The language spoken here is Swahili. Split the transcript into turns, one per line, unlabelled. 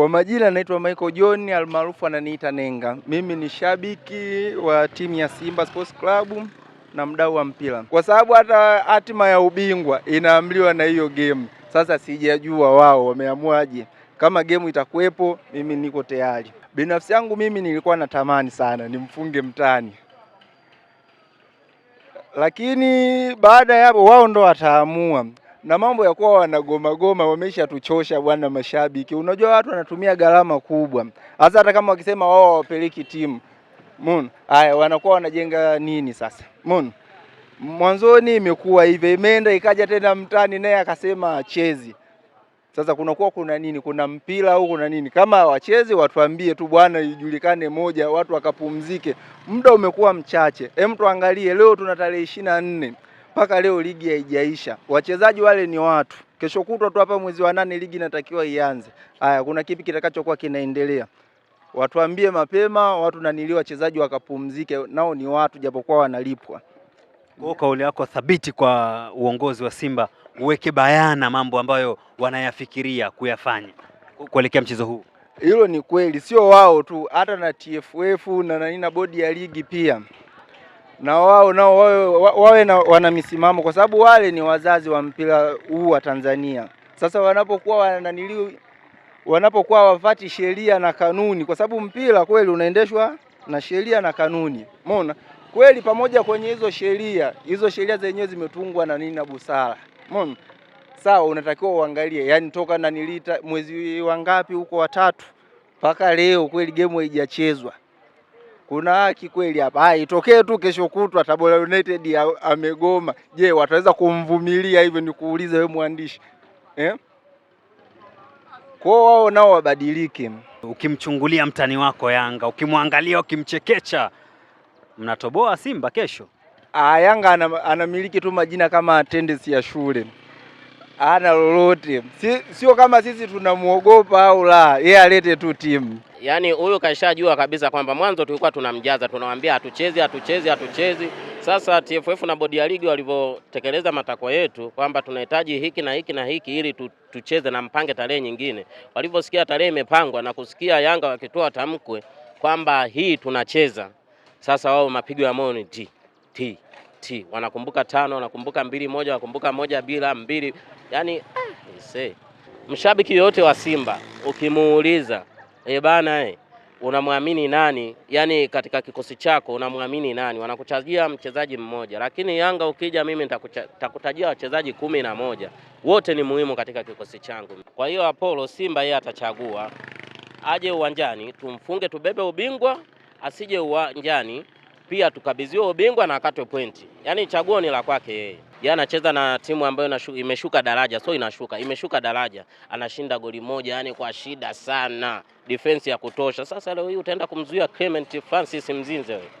Kwa majina naitwa Michael John almaarufu ananiita Nenga. Mimi ni shabiki wa timu ya Simba Sports Club na mdau wa mpira, kwa sababu hata hatima ya ubingwa inaamliwa na hiyo game. Sasa sijajua wao wameamuaje, kama game itakuwepo, mimi niko tayari. Binafsi yangu mimi nilikuwa natamani sana nimfunge mtani, lakini baada ya hapo wao ndo wataamua na mambo ya kuwa wanagomagoma wameshatuchosha bwana, mashabiki. Unajua watu wanatumia gharama kubwa, hasa hata kama wakisema wao wawapeleki timu mun, haya wanakuwa wanajenga nini sasa mun. Mwanzoni imekuwa hivyo, imeenda ikaja tena mtani naye akasema chezi sasa kunakuwa kuna nini? Kuna mpira au kuna nini? Kama wachezi watuambie tu bwana, ijulikane moja, watu wakapumzike. Muda umekuwa mchache, hem, tuangalie leo tuna tarehe ishirini na nne mpaka leo ligi haijaisha. Wachezaji wale ni watu, kesho kutwa tu hapa mwezi wa nane ligi inatakiwa ianze. Haya, kuna kipi kitakachokuwa kinaendelea? Watuambie mapema, watu nanili, wachezaji wakapumzike, nao ni watu japokuwa wanalipwa.
Kwa kauli yako thabiti kwa uongozi wa Simba, uweke bayana mambo ambayo wanayafikiria kuyafanya kuelekea mchezo huu.
Hilo ni kweli, sio wao tu, hata na TFF na nani na bodi ya ligi pia na wao nao wawe na wana misimamo, kwa sababu wale ni wazazi wa mpira huu wa Tanzania. Sasa wanapokuwa wananili wanapokuwa wafati sheria na kanuni, kwa sababu mpira kweli unaendeshwa na sheria na kanuni. Umeona kweli, pamoja kwenye hizo sheria, hizo sheria zenyewe zimetungwa na nini na busara. Umeona sawa, unatakiwa uangalie, yani toka nanilita mwezi wa ngapi huko watatu mpaka leo kweli gemu haijachezwa kuna haki kweli hapa, itokee tu kesho kutwa Tabora United amegoma. Je, wataweza kumvumilia hivyo? ni kuuliza wewe mwandishi eh? Kwao wao nao wabadilike.
Ukimchungulia mtani wako Yanga, ukimwangalia, ukimchekecha, mnatoboa Simba kesho.
Ah, Yanga anamiliki tu majina kama attendance ya shule ana lolote, sio kama sisi tunamwogopa au la, yeye alete tu timu.
Yaani huyu kashajua kabisa kwamba mwanzo tulikuwa tunamjaza, tunamwambia hatuchezi, hatuchezi, hatuchezi. Sasa TFF na bodi ya ligi walivyotekeleza matakwa yetu kwamba tunahitaji hiki na hiki na hiki ili tucheze na mpange tarehe nyingine. Walivyosikia tarehe imepangwa na kusikia Yanga wakitoa tamkwe kwamba hii tunacheza, sasa wao mapigo ya moyo ni ti ti ti wanakumbuka tano, wanakumbuka mbili moja, wanakumbuka moja bila mbili, Yani eh, ah, mshabiki yoyote wa Simba ukimuuliza e bana e, unamwamini nani, yani katika kikosi chako unamwamini nani, wanakuchajia mchezaji mmoja, lakini Yanga ukija, mimi nitakutajia wachezaji kumi na moja, wote ni muhimu katika kikosi changu. Kwa hiyo Apollo Simba yeye atachagua aje uwanjani tumfunge, tubebe ubingwa, asije uwanjani pia tukabidhiwe ubingwa na akatwe pointi. Yaani chaguo ni la kwake yeye. Yeye anacheza na timu ambayo imeshuka daraja, so inashuka, imeshuka daraja, anashinda goli moja, yani kwa shida sana, defense ya kutosha. Sasa leo hii utaenda kumzuia Clement Francis Mzinze wewe?